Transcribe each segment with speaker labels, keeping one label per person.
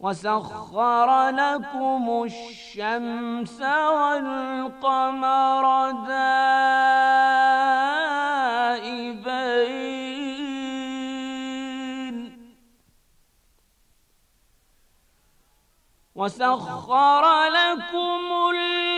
Speaker 1: وسخر لكم الشمس والقمر دائبين وسخر لكم الليل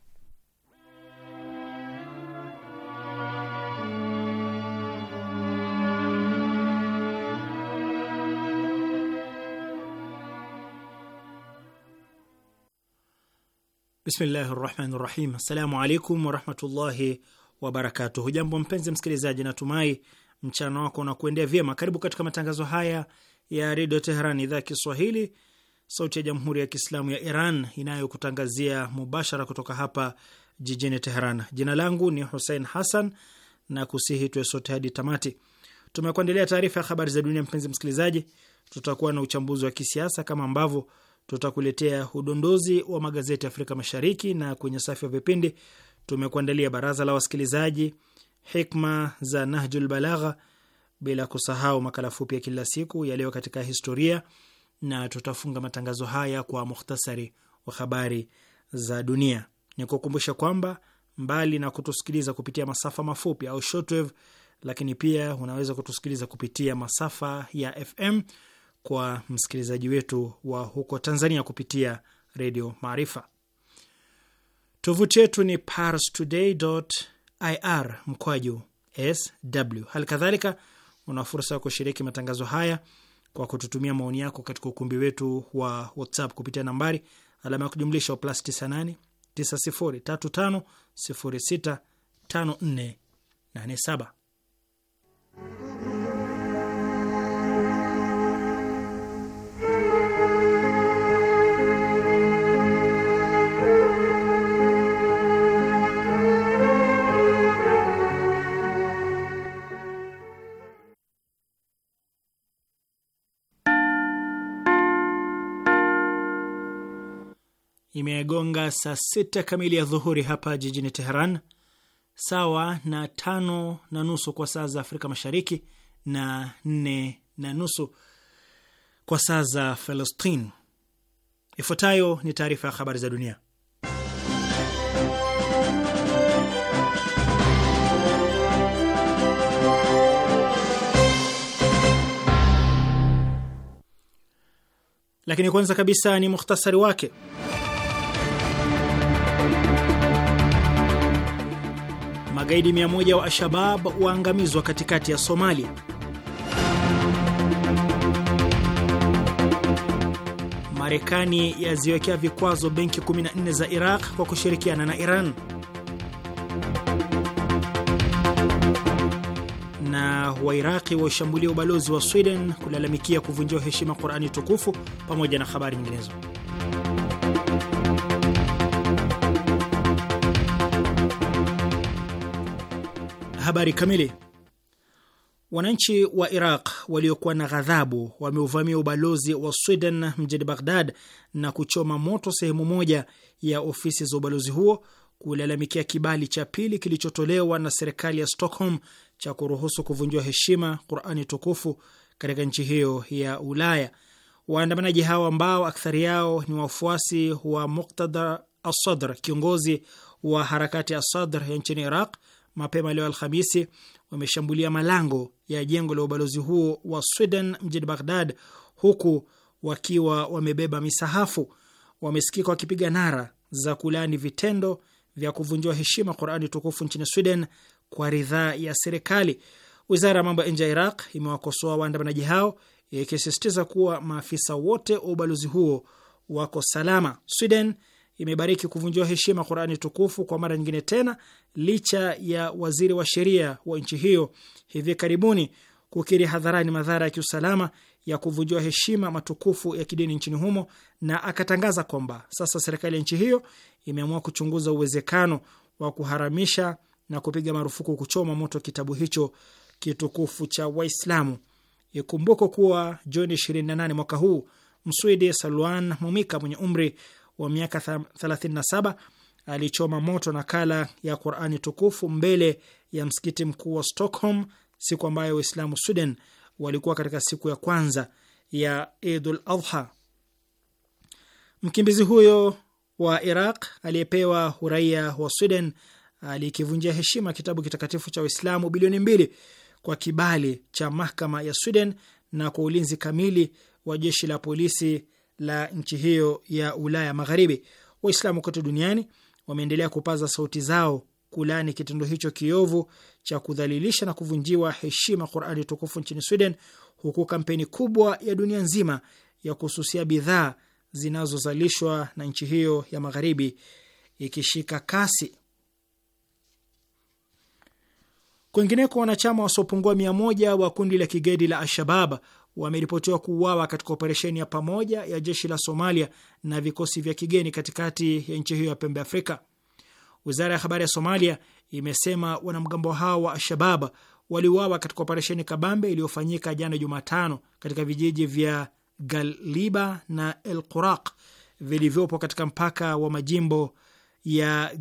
Speaker 2: Bismillahi rahmani rahim. Assalamu alaikum warahmatullahi wabarakatuh. Hujambo mpenzi msikilizaji, natumai mchana wako unakuendea vyema. Karibu katika matangazo haya ya redio Teheran, idhaa ya Kiswahili, sauti ya jamhuri ya kiislamu ya Iran inayokutangazia mubashara kutoka hapa jijini Teheran. Jina langu ni Husein Hassan na kusihi tuwe sote hadi tamati. Tumekuandalia taarifa ya habari za dunia. Mpenzi msikilizaji, tutakuwa na uchambuzi wa kisiasa kama ambavyo tutakuletea udondozi wa magazeti Afrika Mashariki, na kwenye safu ya vipindi tumekuandalia baraza la wasikilizaji, hikma za Nahjul Balagha, bila kusahau makala fupi ya kila siku yaliyo katika historia, na tutafunga matangazo haya kwa muhtasari wa habari za dunia. Ni kukumbusha kwamba mbali na kutusikiliza kupitia masafa mafupi au shortwave, lakini pia unaweza kutusikiliza kupitia masafa ya FM kwa msikilizaji wetu wa huko Tanzania kupitia Redio Maarifa. Tovuti yetu ni parstoday.ir mkwaju sw. Hali kadhalika una fursa ya kushiriki matangazo haya kwa kututumia maoni yako katika ukumbi wetu wa WhatsApp kupitia nambari alama ya kujumlisha plus 98 9035065487. imegonga saa sita kamili ya dhuhuri hapa jijini Teheran, sawa na tano na nusu kwa saa za Afrika Mashariki na nne na nusu kwa saa za Palestin. Ifuatayo ni taarifa ya habari za dunia, lakini kwanza kabisa ni mukhtasari wake. Magaidi 100 wa Al-Shabab waangamizwa katikati ya Somalia. Marekani yaziwekea vikwazo benki 14 za Iraq kwa kushirikiana na Iran. Na Wairaqi waushambulia ubalozi wa Sweden kulalamikia kuvunjiwa heshima Qurani tukufu pamoja na habari nyinginezo. Habari kamili. Wananchi wa Iraq waliokuwa na ghadhabu wameuvamia ubalozi wa Sweden mjini Baghdad na kuchoma moto sehemu moja ya ofisi za ubalozi huo kulalamikia kibali cha pili kilichotolewa na serikali ya Stockholm cha kuruhusu kuvunjiwa heshima Qurani tukufu katika nchi hiyo ya Ulaya. Waandamanaji hao ambao akthari yao ni wafuasi wa Muqtada Asadr, kiongozi wa harakati Asadr ya nchini Iraq, mapema leo Alhamisi wameshambulia malango ya jengo la ubalozi huo wa Sweden mjini Baghdad, huku wakiwa wamebeba misahafu. Wamesikika wakipiga nara za kulaani vitendo vya kuvunjiwa heshima Qurani tukufu nchini Sweden kwa ridhaa ya serikali. Wizara ya mambo ya nje ya Iraq imewakosoa waandamanaji hao ikisisitiza kuwa maafisa wote wa ubalozi huo wako salama. Sweden imebariki kuvunjiwa heshima Qurani tukufu kwa mara nyingine tena, licha ya waziri wa sheria wa nchi hiyo hivi karibuni kukiri hadharani madhara ya kiusalama ya kuvunjiwa heshima matukufu ya kidini nchini humo, na akatangaza kwamba sasa serikali ya nchi hiyo imeamua kuchunguza uwezekano wa kuharamisha na kupiga marufuku kuchoma moto kitabu hicho kitukufu cha Waislamu. Ikumbuko kuwa Juni 28 mwaka huu Mswidi Salwan Mumika mwenye umri wa miaka 37 alichoma moto nakala ya Qurani tukufu mbele ya msikiti mkuu wa Stockholm siku ambayo Waislamu Sweden walikuwa katika siku ya kwanza ya Idul Adha. Mkimbizi huyo wa Iraq aliyepewa uraia wa Sweden alikivunjia heshima kitabu kitakatifu cha Waislamu bilioni mbili kwa kibali cha mahakama ya Sweden na kwa ulinzi kamili wa jeshi la polisi la nchi hiyo ya Ulaya Magharibi. Waislamu kote duniani wameendelea kupaza sauti zao kulani kitendo hicho kiovu cha kudhalilisha na kuvunjiwa heshima Qurani tukufu nchini Sweden, huku kampeni kubwa ya dunia nzima ya kususia bidhaa zinazozalishwa na nchi hiyo ya magharibi ikishika kasi. Kwingineko, wanachama wasiopungua mia moja wa kundi la kigaidi la Alshabab wameripotiwa kuuawa katika operesheni ya pamoja ya jeshi la Somalia na vikosi vya kigeni katikati ya nchi hiyo ya pembe Afrika. Wizara ya habari ya Somalia imesema wanamgambo hao wa Al-Shabab waliuawa katika operesheni kabambe iliyofanyika jana Jumatano katika vijiji vya Galiba na El Quraq vilivyopo katika mpaka wa majimbo ya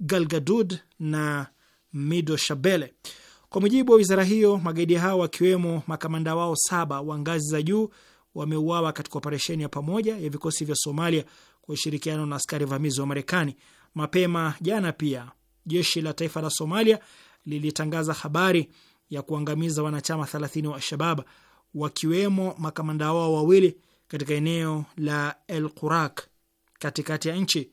Speaker 2: Galgadud na Mido Shabele. Kwa mujibu wa wizara hiyo, magaidi hao wakiwemo makamanda wao saba wa ngazi za juu wameuawa katika operesheni ya pamoja ya vikosi vya Somalia kwa ushirikiano na askari vamizi wa Marekani. Mapema jana pia jeshi la taifa la Somalia lilitangaza habari ya kuangamiza wanachama 30 wa Shabab wakiwemo makamanda wao wawili katika eneo la El Qurak katikati ya nchi.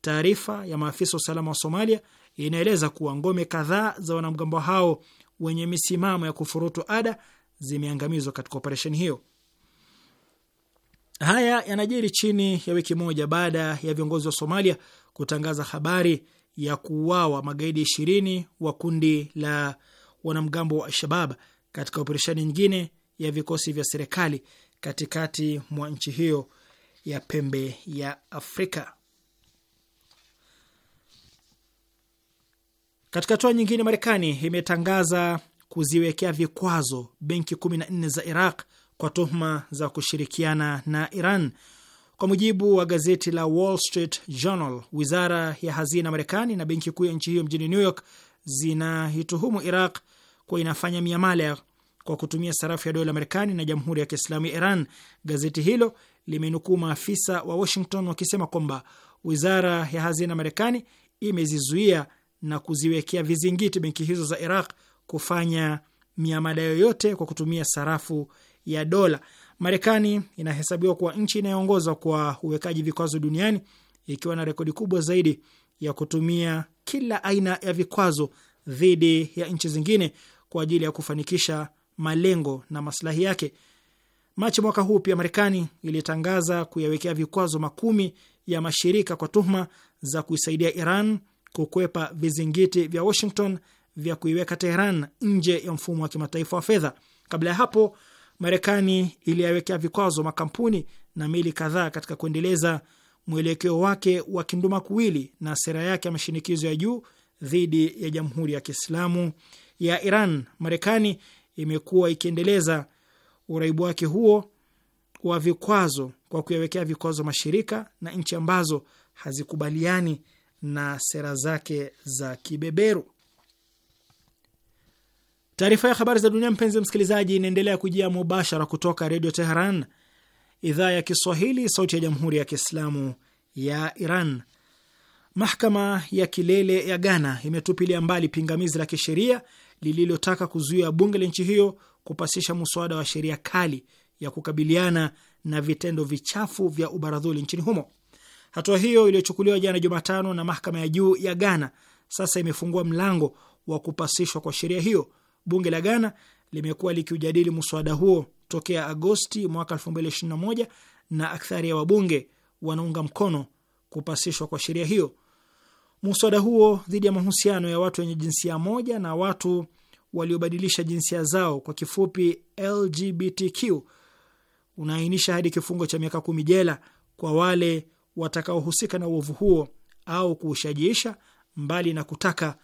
Speaker 2: Taarifa ya maafisa wa usalama wa Somalia inaeleza kuwa ngome kadhaa za wanamgambo hao wenye misimamo ya kufurutu ada zimeangamizwa katika operesheni hiyo. Haya yanajiri chini ya wiki moja baada ya viongozi wa Somalia kutangaza habari ya kuuawa magaidi ishirini wa kundi la wanamgambo wa Alshabab katika operesheni nyingine ya vikosi vya serikali katikati mwa nchi hiyo ya pembe ya Afrika. Katika hatua nyingine, Marekani imetangaza kuziwekea vikwazo benki 14 za Iraq kwa tuhuma za kushirikiana na Iran. Kwa mujibu wa gazeti la Wall Street Journal, wizara ya hazina Marekani na benki kuu ya nchi hiyo mjini New York zinaituhumu Iraq kuwa inafanya miamala kwa kutumia sarafu ya dola Marekani na jamhuri ya Kiislamu ya Iran. Gazeti hilo limenukuu maafisa wa Washington wakisema kwamba wizara ya hazina Marekani imezizuia na kuziwekea vizingiti benki hizo za Iraq kufanya miamada yoyote kwa kutumia sarafu ya dola. Marekani inahesabiwa kuwa nchi inayoongoza kwa uwekaji vikwazo duniani ikiwa na rekodi kubwa zaidi ya kutumia kila aina ya vikwazo dhidi ya nchi zingine kwa ajili ya kufanikisha malengo na maslahi yake. Machi mwaka huu pia Marekani ilitangaza kuyawekea vikwazo makumi ya mashirika kwa tuhuma za kuisaidia Iran kukwepa vizingiti vya Washington vya kuiweka Tehran nje ya mfumo wa kimataifa wa fedha. Kabla ya hapo, Marekani iliyawekea vikwazo makampuni na meli kadhaa katika kuendeleza mwelekeo wake wa kinduma kuwili na sera yake ya mashinikizo ya juu dhidi ya Jamhuri ya Kiislamu ya Iran. Marekani imekuwa ikiendeleza uraibu wake huo wa vikwazo kwa kuyawekea vikwazo mashirika na nchi ambazo hazikubaliani na sera zake za kibeberu. Taarifa ya habari za dunia, mpenzi msikilizaji, inaendelea kujia mubashara kutoka Redio Teheran, idhaa ya Kiswahili, sauti ya Jamhuri ya Kiislamu ya Iran. Mahakama ya kilele ya Ghana imetupilia mbali pingamizi la kisheria lililotaka kuzuia bunge la nchi hiyo kupasisha muswada wa sheria kali ya kukabiliana na vitendo vichafu vya ubaradhuli nchini humo. Hatua hiyo iliyochukuliwa jana Jumatano na mahakama ya juu ya Ghana sasa imefungua mlango wa kupasishwa kwa sheria hiyo. Bunge la Ghana limekuwa likiujadili mswada huo tokea Agosti mwaka 2021 na akthari ya wabunge wanaunga mkono kupasishwa kwa sheria hiyo. Muswada huo dhidi ya mahusiano ya watu wenye jinsia moja na watu waliobadilisha jinsia zao kwa kifupi LGBTQ unaainisha hadi kifungo cha miaka kumi jela kwa wale watakaohusika na uovu huo au kuushajiisha, mbali na kutaka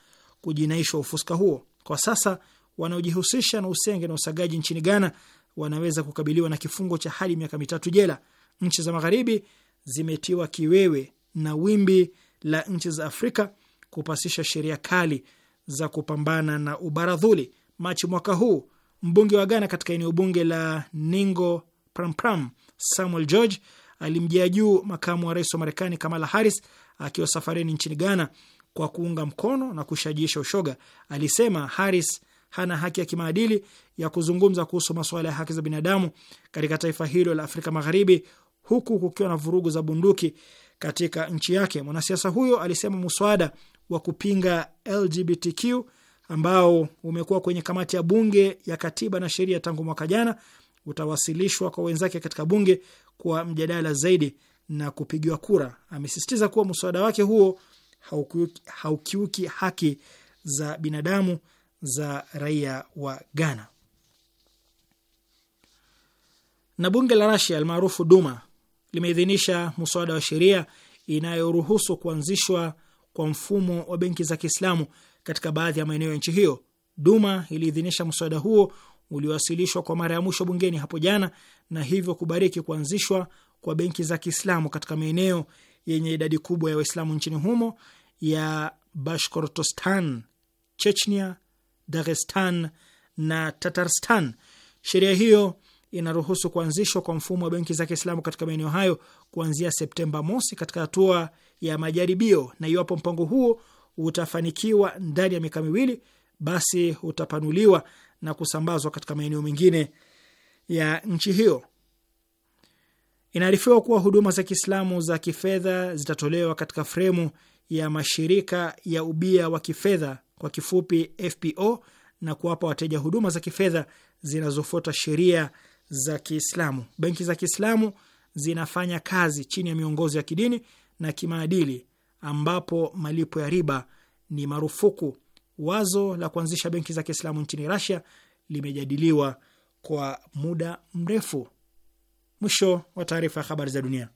Speaker 2: kujinaishwa ufuska huo. Kwa sasa wanaojihusisha na usenge na usagaji nchini Ghana wanaweza kukabiliwa na kifungo cha hadi miaka mitatu jela. Nchi za Magharibi zimetiwa kiwewe na wimbi la nchi za Afrika kupasisha sheria kali za kupambana na ubaradhuli. Machi mwaka huu mbunge wa Ghana katika eneo bunge la Ningo Prampram Samuel George alimjia juu makamu wa rais wa Marekani Kamala Harris akiwa safarini nchini Ghana kwa kuunga mkono na kushajiisha ushoga. Alisema Harris hana haki ya kimaadili ya kuzungumza kuhusu masuala ya haki za binadamu katika taifa hilo la Afrika Magharibi, huku kukiwa na vurugu za bunduki katika nchi yake. Mwanasiasa huyo alisema muswada wa kupinga LGBTQ ambao umekuwa kwenye kamati ya bunge ya katiba na sheria tangu mwaka jana utawasilishwa kwa wenzake katika bunge kwa mjadala zaidi na kupigiwa kura. Amesisitiza kuwa mswada wake huo haukiuki, haukiuki haki za binadamu za raia wa Ghana. Na bunge la Rasia almaarufu Duma limeidhinisha mswada wa sheria inayoruhusu kuanzishwa kwa mfumo wa benki za Kiislamu katika baadhi ya maeneo ya nchi hiyo. Duma iliidhinisha mswada huo uliowasilishwa kwa mara ya mwisho bungeni hapo jana na hivyo kubariki kuanzishwa kwa benki za Kiislamu katika maeneo yenye idadi kubwa ya Waislamu nchini humo ya Bashkortostan, Chechnia, Dagestan na Tatarstan. Sheria hiyo inaruhusu kuanzishwa kwa mfumo wa benki za Kiislamu katika maeneo hayo kuanzia Septemba mosi katika hatua ya majaribio, na iwapo mpango huo utafanikiwa ndani ya miaka miwili, basi utapanuliwa na kusambazwa katika maeneo mengine ya nchi hiyo. Inaarifiwa kuwa huduma za Kiislamu za kifedha zitatolewa katika fremu ya mashirika ya ubia wa kifedha kwa kifupi FPO na kuwapa wateja huduma za kifedha zinazofuata sheria za Kiislamu. Benki za Kiislamu zinafanya kazi chini ya miongozo ya kidini na kimaadili ambapo malipo ya riba ni marufuku. Wazo la kuanzisha benki za Kiislamu nchini Russia limejadiliwa kwa muda mrefu. Mwisho wa taarifa ya habari za dunia.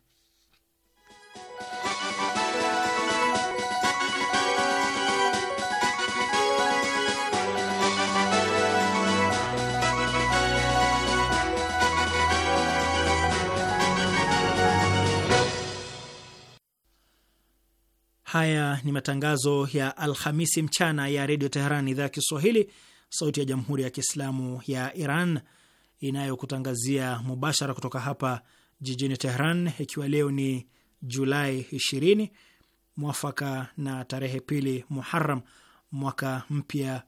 Speaker 2: Haya ni matangazo ya Alhamisi mchana ya Redio Teheran, idhaa ya Kiswahili, sauti ya jamhuri ya kiislamu ya Iran inayokutangazia mubashara kutoka hapa jijini Tehran, ikiwa leo ni Julai 20 mwafaka na tarehe pili Muharam mwaka mpya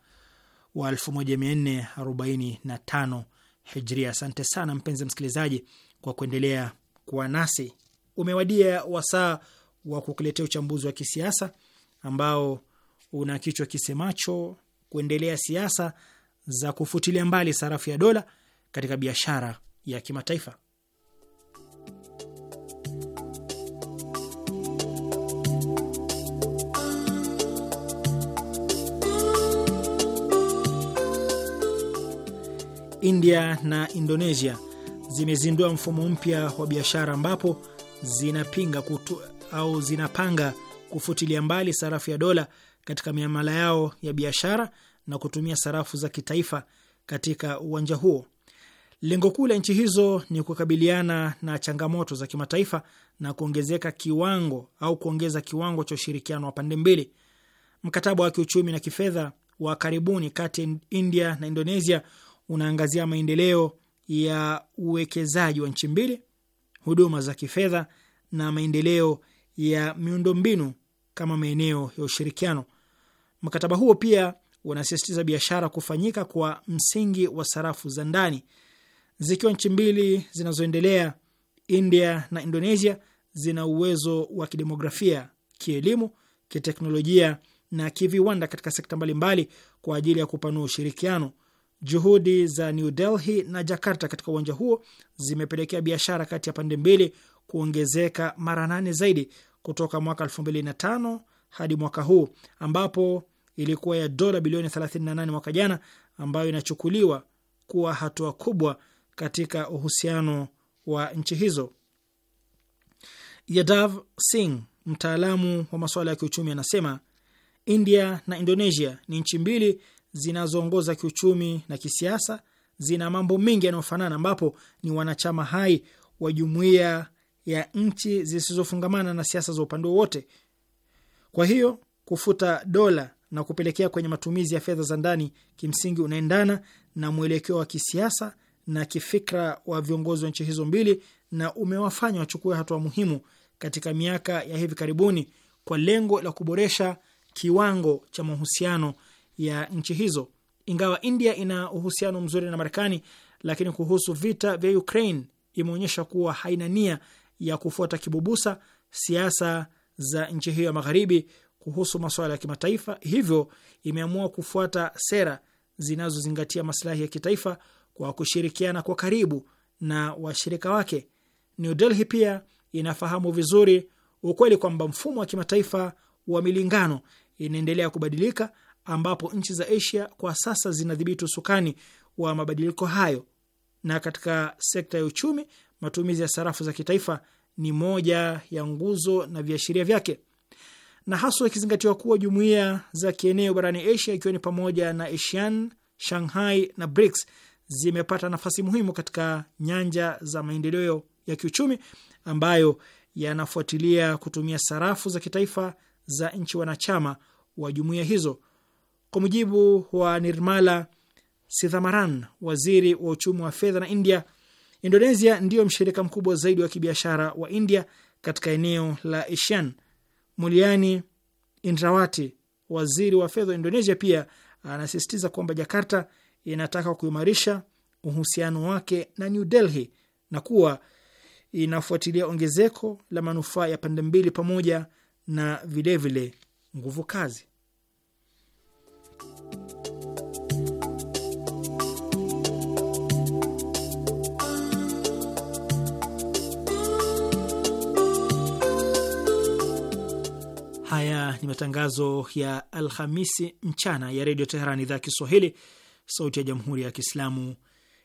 Speaker 2: wa 1445 Hijria. Asante sana mpenzi msikilizaji kwa kuendelea kuwa nasi. Umewadia wasaa wa kukuletea uchambuzi wa kisiasa ambao una kichwa kisemacho kuendelea siasa za kufutilia mbali sarafu ya dola katika biashara ya kimataifa. India na Indonesia zimezindua mfumo mpya wa biashara ambapo zinapinga kutu, au zinapanga kufutilia mbali sarafu ya dola katika miamala yao ya biashara na kutumia sarafu za kitaifa katika uwanja huo. Lengo kuu la nchi hizo ni kukabiliana na changamoto za kimataifa na kuongezeka kiwango au kuongeza kiwango cha ushirikiano wa pande mbili. Mkataba wa kiuchumi na kifedha wa karibuni kati ya India na Indonesia unaangazia maendeleo ya uwekezaji wa nchi mbili, huduma za kifedha na maendeleo ya miundombinu kama maeneo ya ushirikiano. Mkataba huo pia unasisitiza biashara kufanyika kwa msingi wa sarafu za ndani, zikiwa nchi mbili zinazoendelea, India na Indonesia, zina uwezo wa kidemografia, kielimu, kiteknolojia na kiviwanda katika sekta mbalimbali kwa ajili ya kupanua ushirikiano. Juhudi za New Delhi na Jakarta katika uwanja huo zimepelekea biashara kati ya pande mbili kuongezeka mara nane zaidi kutoka mwaka 2005 hadi mwaka huu ambapo ilikuwa ya dola bilioni 38 mwaka jana, ambayo inachukuliwa kuwa hatua kubwa katika uhusiano wa nchi hizo. Yadav Singh, mtaalamu wa masuala ya kiuchumi, anasema India na Indonesia ni nchi mbili zinazoongoza kiuchumi na kisiasa, zina mambo mengi yanayofanana, ambapo ni wanachama hai wa jumuiya ya nchi zisizofungamana na siasa za upande wowote. Kwa hiyo kufuta dola na kupelekea kwenye matumizi ya fedha za ndani kimsingi unaendana na mwelekeo wa kisiasa na kifikra wa viongozi wa nchi hizo mbili na umewafanya wachukue hatua wa muhimu katika miaka ya hivi karibuni kwa lengo la kuboresha kiwango cha mahusiano ya nchi hizo. Ingawa India ina uhusiano mzuri na Marekani, lakini kuhusu vita vya Ukraine imeonyesha kuwa haina nia ya kufuata kibubusa siasa za nchi hiyo ya magharibi kuhusu masuala ya kimataifa, hivyo imeamua kufuata sera zinazozingatia maslahi ya kitaifa kwa kushirikiana kwa karibu na washirika wake. New Delhi pia inafahamu vizuri ukweli kwamba mfumo wa kimataifa wa milingano inaendelea kubadilika, ambapo nchi za Asia kwa sasa zinadhibiti usukani wa mabadiliko hayo, na katika sekta ya uchumi, matumizi ya sarafu za kitaifa ni moja ya nguzo na viashiria vyake na haswa ikizingatiwa kuwa jumuiya za kieneo barani Asia ikiwa ni pamoja na ASEAN, Shanghai na BRICS zimepata nafasi muhimu katika nyanja za maendeleo ya kiuchumi ambayo yanafuatilia kutumia sarafu za kitaifa za nchi wanachama wa jumuiya hizo. Kwa mujibu wa Nirmala Sithamaran, waziri wa uchumi wa fedha na India, Indonesia ndiyo mshirika mkubwa zaidi wa kibiashara wa India katika eneo la ASEAN. Muliani Indrawati, waziri wa fedha wa Indonesia, pia anasisitiza kwamba Jakarta inataka kuimarisha uhusiano wake na New Delhi na kuwa inafuatilia ongezeko la manufaa ya pande mbili pamoja na vilevile nguvu kazi. Haya ni matangazo ya Alhamisi mchana ya Redio Teheran, idhaa ya Kiswahili, sauti ya Jamhuri ya Kiislamu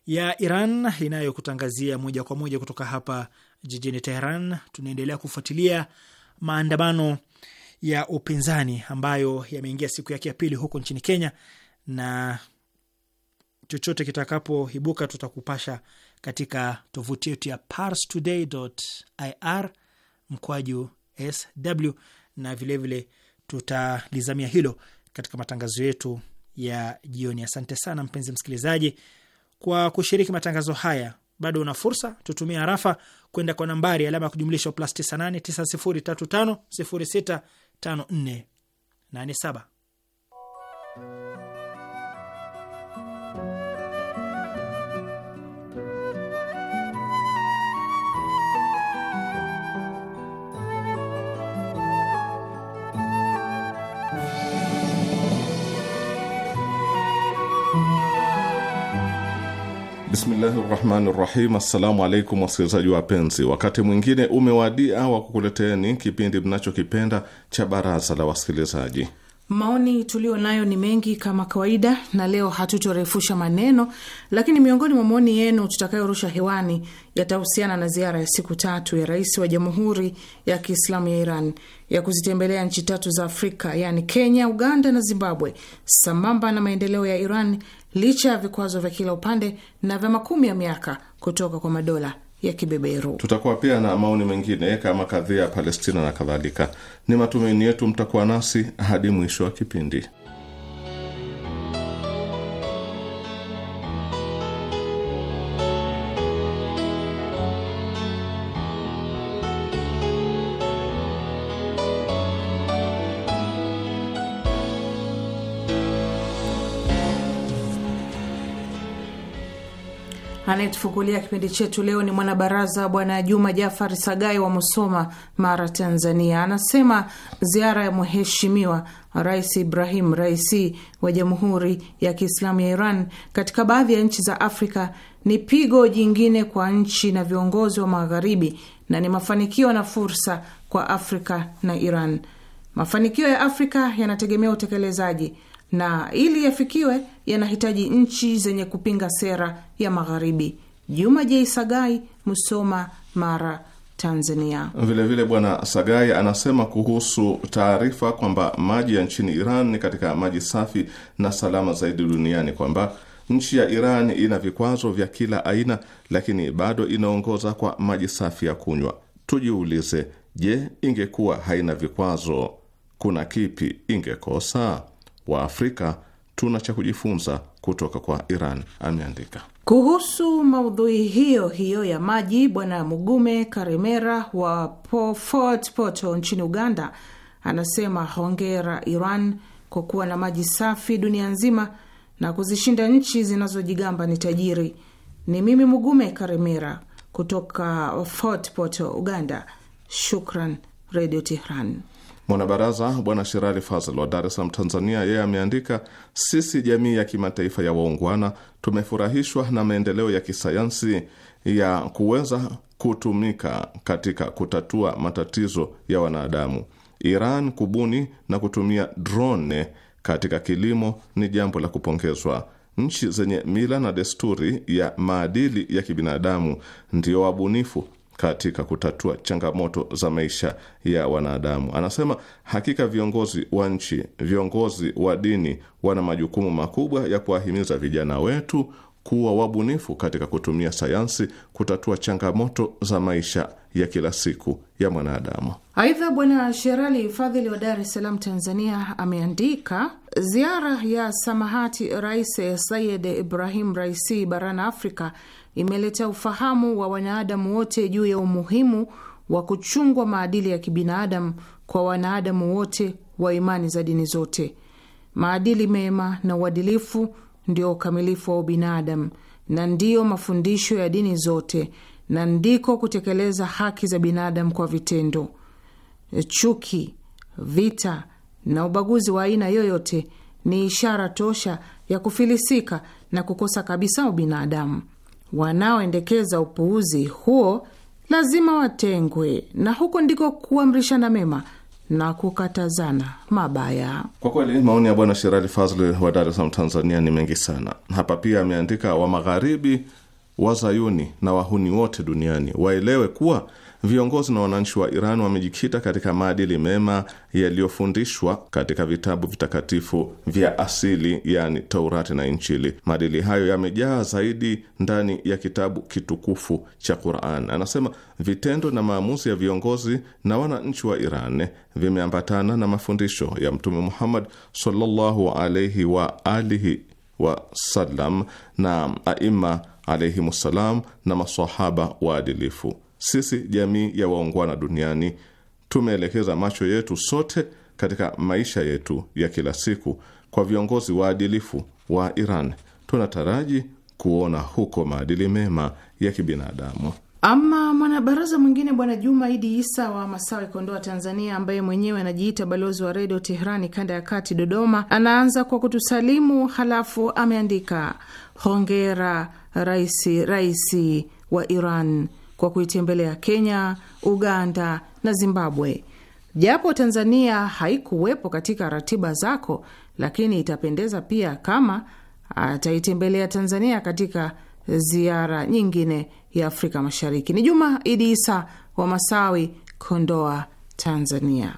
Speaker 2: ya Iran inayokutangazia moja kwa moja kutoka hapa jijini Teheran. Tunaendelea kufuatilia maandamano ya upinzani ambayo yameingia siku yake ya pili huko nchini Kenya, na chochote kitakapoibuka tutakupasha katika tovuti yetu ya parstoday.ir mkwaju sw na vilevile tutalizamia hilo katika matangazo yetu ya jioni. Asante sana mpenzi msikilizaji kwa kushiriki matangazo haya. Bado una fursa, tutumia harafa kwenda kwa nambari alama ya kujumlisha plus 98 9035065487.
Speaker 3: Bismillahi rahmani rahim. Assalamu alaikum wasikilizaji wapenzi, wakati mwingine umewadia wa kukuleteni kipindi mnachokipenda cha baraza la wasikilizaji.
Speaker 4: Maoni tuliyo nayo ni mengi kama kawaida, na leo hatutorefusha maneno, lakini miongoni mwa maoni yenu tutakayorusha hewani yatahusiana na ziara ya siku tatu ya rais wa Jamhuri ya Kiislamu ya Iran ya kuzitembelea nchi tatu za Afrika, yaani Kenya, Uganda na Zimbabwe, sambamba na maendeleo ya Iran licha ya vikwazo vya kila upande na vya makumi ya miaka kutoka kwa madola ya kibeberu.
Speaker 3: Tutakuwa pia na maoni mengine kama kadhia ya Palestina na kadhalika. Ni matumaini yetu mtakuwa nasi hadi mwisho wa kipindi.
Speaker 4: Anayetufungulia kipindi chetu leo ni mwanabaraza Bwana Juma Jafari Sagai wa Musoma, Mara, Tanzania. Anasema ziara ya Mheshimiwa Rais Ibrahim Raisi wa Jamhuri ya Kiislamu ya Iran katika baadhi ya nchi za Afrika ni pigo jingine kwa nchi na viongozi wa Magharibi na ni mafanikio na fursa kwa Afrika na Iran. Mafanikio ya Afrika yanategemea utekelezaji na ili yafikiwe yanahitaji nchi zenye kupinga sera ya Magharibi. Juma Jei Sagai, Musoma, Mara, Tanzania.
Speaker 3: Vilevile Bwana Sagai anasema kuhusu taarifa kwamba maji ya nchini Iran ni katika maji safi na salama zaidi duniani kwamba nchi ya Iran ina vikwazo vya kila aina, lakini bado inaongoza kwa maji safi ya kunywa. Tujiulize, je, ingekuwa haina vikwazo, kuna kipi ingekosa? wa Afrika tuna cha kujifunza kutoka kwa Iran, ameandika.
Speaker 4: Kuhusu maudhui hiyo hiyo ya maji, Bwana Mugume Karimera wa Fort Poto nchini Uganda anasema hongera Iran kwa kuwa na maji safi dunia nzima na kuzishinda nchi zinazojigamba ni tajiri. Ni mimi Mugume Karimera kutoka Fort Poto, Uganda. Shukran, Radio Tehran.
Speaker 3: Mwanabaraza Bwana Shirali Fazl wa Dar es Salaam, Tanzania, yeye ameandika: sisi jamii ya kimataifa ya waungwana tumefurahishwa na maendeleo ya kisayansi ya kuweza kutumika katika kutatua matatizo ya wanadamu. Iran kubuni na kutumia drone katika kilimo ni jambo la kupongezwa. Nchi zenye mila na desturi ya maadili ya kibinadamu ndio wabunifu katika kutatua changamoto za maisha ya wanadamu. Anasema hakika viongozi wa nchi, viongozi wa dini wana majukumu makubwa ya kuwahimiza vijana wetu kuwa wabunifu katika kutumia sayansi kutatua changamoto za maisha ya kila siku ya mwanadamu.
Speaker 4: Aidha, Bwana Sherali Fadhili wa Dar es Salaam, Tanzania, ameandika ziara ya samahati Rais Sayed Ibrahim Raisi barani Afrika imeleta ufahamu wa wanadamu wote juu ya umuhimu wa kuchungwa maadili ya kibinadamu kwa wanadamu wote wa imani za dini zote. Maadili mema na uadilifu ndio ukamilifu wa ubinadamu na ndiyo mafundisho ya dini zote na ndiko kutekeleza haki za binadamu kwa vitendo. Chuki, vita na ubaguzi wa aina yoyote ni ishara tosha ya kufilisika na kukosa kabisa ubinadamu. Wanaoendekeza upuuzi huo lazima watengwe, na huko ndiko kuamrishana mema na kukatazana mabaya.
Speaker 3: Kwa kweli maoni ya Bwana Sherali fazl wa Dar es Salaam, Tanzania ni mengi sana. Hapa pia ameandika, wa Magharibi, wazayuni na wahuni wote duniani waelewe kuwa viongozi na wananchi wa Iran wamejikita katika maadili mema yaliyofundishwa katika vitabu vitakatifu vya asili, yani Taurati na Injili. Maadili hayo yamejaa zaidi ndani ya kitabu kitukufu cha Quran. Anasema vitendo na maamuzi ya viongozi na wananchi wa Iran vimeambatana na mafundisho ya Mtume Muhammad sallallahu alaihi wa alihi wasallam na aima alaihimussalam na masahaba waadilifu. Sisi jamii ya waungwana duniani tumeelekeza macho yetu sote katika maisha yetu ya kila siku kwa viongozi waadilifu wa Iran. Tunataraji kuona huko maadili mema ya kibinadamu.
Speaker 4: Ama mwanabaraza mwingine Bwana Juma Idi Isa wa masawe Kondoa, Tanzania, ambaye mwenyewe anajiita balozi wa redio Teherani kanda ya kati, Dodoma, anaanza kwa kutusalimu, halafu ameandika hongera raisi, raisi wa Iran kwa kuitembelea Kenya, Uganda na Zimbabwe. Japo Tanzania haikuwepo katika ratiba zako, lakini itapendeza pia kama ataitembelea Tanzania katika ziara nyingine ya Afrika Mashariki. Ni Juma Idi Isa wa Masawi, Kondoa, Tanzania.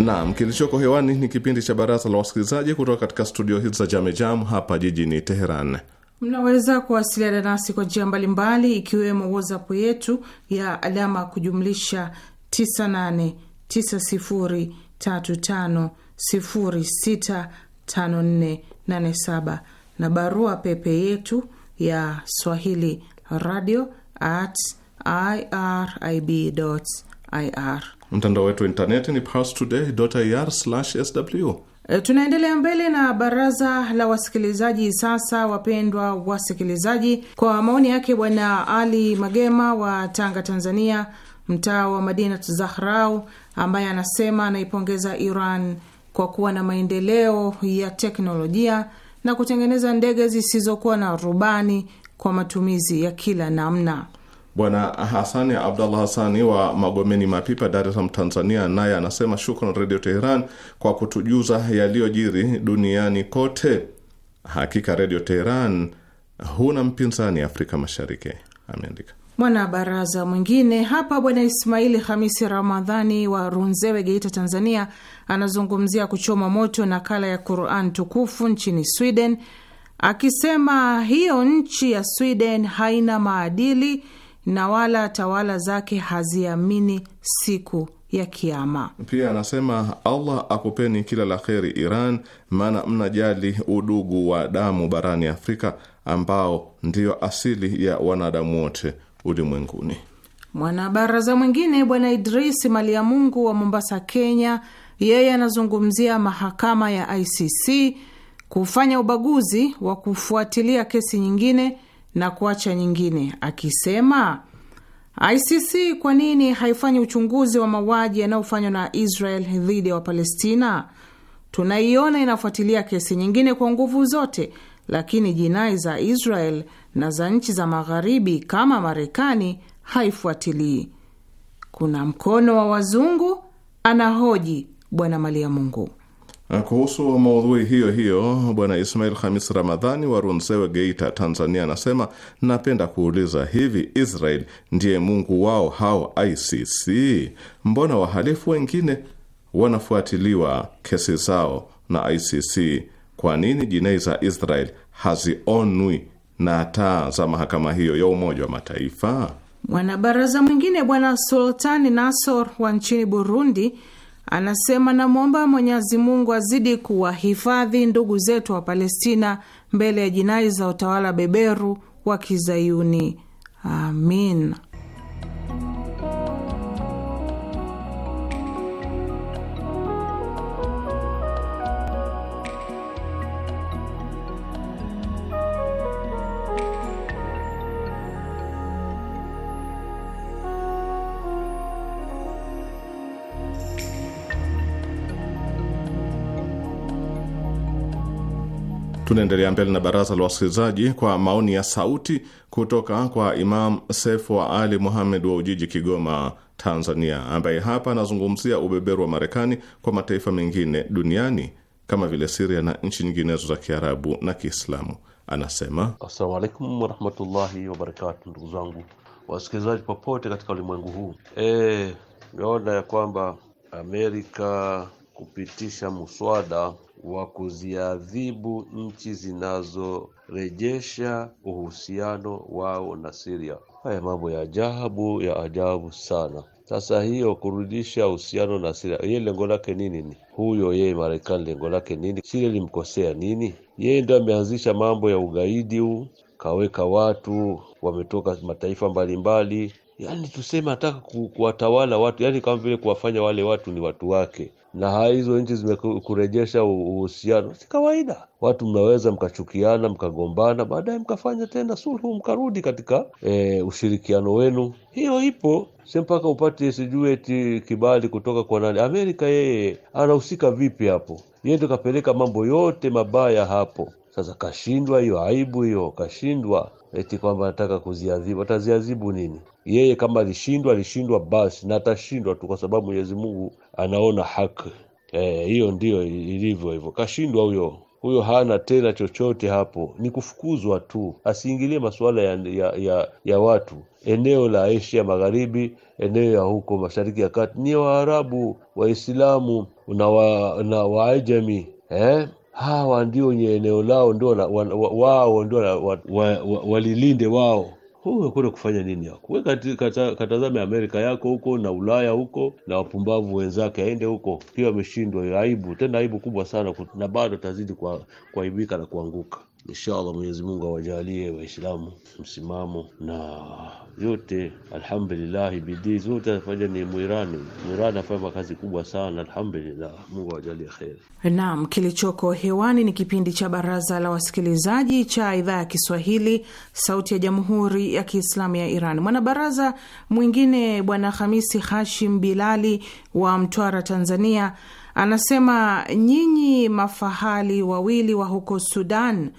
Speaker 3: Naam, kilichoko hewani ni kipindi cha Baraza la Wasikilizaji kutoka katika studio hizi za Jamejam hapa jijini Teheran.
Speaker 4: Mnaweza kuwasiliana nasi kwa njia mbalimbali, ikiwemo WhatsApp yetu ya alama kujumlisha 989035065487 na barua pepe yetu ya swahili radio at irib ir Mtandao wetu wa intaneti ni parstoday.ir/sw. E, tunaendelea mbele na baraza la wasikilizaji sasa. Wapendwa wasikilizaji, kwa maoni yake Bwana Ali Magema wa Tanga, Tanzania, mtaa wa Madinat Zahrau, ambaye anasema anaipongeza Iran kwa kuwa na maendeleo ya teknolojia na kutengeneza ndege zisizokuwa na rubani kwa matumizi ya kila namna.
Speaker 3: Bwana Hasani Abdallah Hasani wa Magomeni Mapipa, Dar es Salaam, Tanzania, naye anasema shukran Redio Teheran kwa kutujuza yaliyojiri duniani kote. Hakika Redio Teheran huna mpinzani Afrika Mashariki, ameandika
Speaker 4: baraza mwingine hapa. Bwana Ismaili Hamisi Ramadhani wa Runzewe, Geita, Tanzania, anazungumzia kuchoma moto nakala ya Quran tukufu nchini Sweden, akisema hiyo nchi ya Sweden haina maadili na wala tawala zake haziamini siku ya Kiama.
Speaker 3: Pia anasema Allah akupeni kila la kheri Iran, maana mnajali udugu wa damu barani Afrika ambao ndiyo asili ya wanadamu wote ulimwenguni.
Speaker 4: Mwanabaraza mwingine Bwana Idris mali ya Mungu wa Mombasa, Kenya, yeye anazungumzia mahakama ya ICC kufanya ubaguzi wa kufuatilia kesi nyingine na kuacha nyingine akisema, ICC kwa nini haifanyi uchunguzi wa mauaji yanayofanywa na Israel dhidi ya Wapalestina? Tunaiona inafuatilia kesi nyingine kwa nguvu zote, lakini jinai za Israel na za nchi za magharibi kama Marekani haifuatilii. Kuna mkono wa wazungu, anahoji Bwana Malia Mungu.
Speaker 3: Ah, kuhusu maudhui hiyo hiyo, Bwana Ismail Hamis Ramadhani wa Runzewe, Geita, Tanzania, anasema napenda kuuliza, hivi Israel ndiye mungu wao hao ICC? Mbona wahalifu wengine wanafuatiliwa kesi zao na ICC? Kwa nini jinai za Israel hazionwi na taa za mahakama hiyo ya Umoja wa Mataifa?
Speaker 4: Mwanabaraza mwingine Bwana Sultani Nasor wa nchini Burundi Anasema, namwomba Mwenyezi Mungu azidi kuwahifadhi ndugu zetu wa Palestina mbele ya jinai za utawala beberu wa Kizayuni. Amin.
Speaker 3: Tunaendelea mbele na baraza la wasikilizaji kwa maoni ya sauti kutoka kwa Imam Sefu wa Ali Muhamed wa Ujiji, Kigoma, Tanzania, ambaye hapa anazungumzia ubeberu wa Marekani kwa mataifa mengine duniani kama vile Siria na nchi nyinginezo za Kiarabu na Kiislamu. Anasema,
Speaker 5: assalamu alaikum warahmatullahi wabarakatu. Ndugu zangu wasikilizaji popote katika ulimwengu huu, e, naona ya kwamba Amerika kupitisha muswada wa kuziadhibu nchi zinazorejesha uhusiano wao na Syria. Haya mambo ya ajabu ya ajabu sana. Sasa hiyo kurudisha uhusiano na Syria, yeye lengo lake nini? Ni huyo yeye Marekani, lengo lake nini? Syria limkosea nini? Yeye ndio ameanzisha mambo ya ugaidi huu, kaweka watu wametoka mataifa mbalimbali, yani tuseme, anataka kuwatawala watu, yani kama vile kuwafanya wale watu ni watu wake na hizo nchi zimekurejesha uhusiano, si kawaida. Watu mnaweza mkachukiana, mkagombana, baadaye mkafanya tena sulhu, mkarudi katika e, ushirikiano wenu. Hiyo ipo, si mpaka upate sijui eti kibali kutoka kwa nani. Amerika yeye anahusika vipi hapo? Yeye ndo kapeleka mambo yote mabaya hapo. Sasa kashindwa, hiyo aibu hiyo, kashindwa eti kwamba anataka kuziadhibu. Ataziadhibu nini? Yeye kama alishindwa, alishindwa basi, na atashindwa tu, kwa sababu Mwenyezi Mungu anaona haki. E, hiyo ndiyo ilivyo hivyo. Kashindwa huyo huyo, hana tena chochote hapo, ni kufukuzwa tu. Asiingilie masuala ya, ya, ya, ya watu eneo la Asia Magharibi, eneo ya huko Mashariki ya Kati ni Waarabu, Waislamu na, wa, na Waajami eh? Hawa ndio wenye eneo lao, ndio wao ndio walilinde wao Huyu hakuna kufanya nini yako we katazame Amerika yako huko na Ulaya huko na wapumbavu wenzake, aende huko pia ameshindwa. Aibu tena aibu kubwa sana, na bado atazidi kuaibika na kuanguka inshallah Mwenyezi Mungu awajalie Waislamu msimamo na yote. Alhamdulillah, bidii zote afanya ni Mwirani. Mwirani afanya kazi kubwa sana, alhamdulillah. Mungu awajalie kheri.
Speaker 4: Naam, kilichoko hewani ni kipindi cha Baraza la Wasikilizaji cha Idhaa ya Kiswahili, Sauti ya Jamhuri ya Kiislamu ya Iran. Mwanabaraza mwingine Bwana Hamisi Hashim Bilali wa Mtwara, Tanzania, anasema nyinyi mafahali wawili wa huko Sudan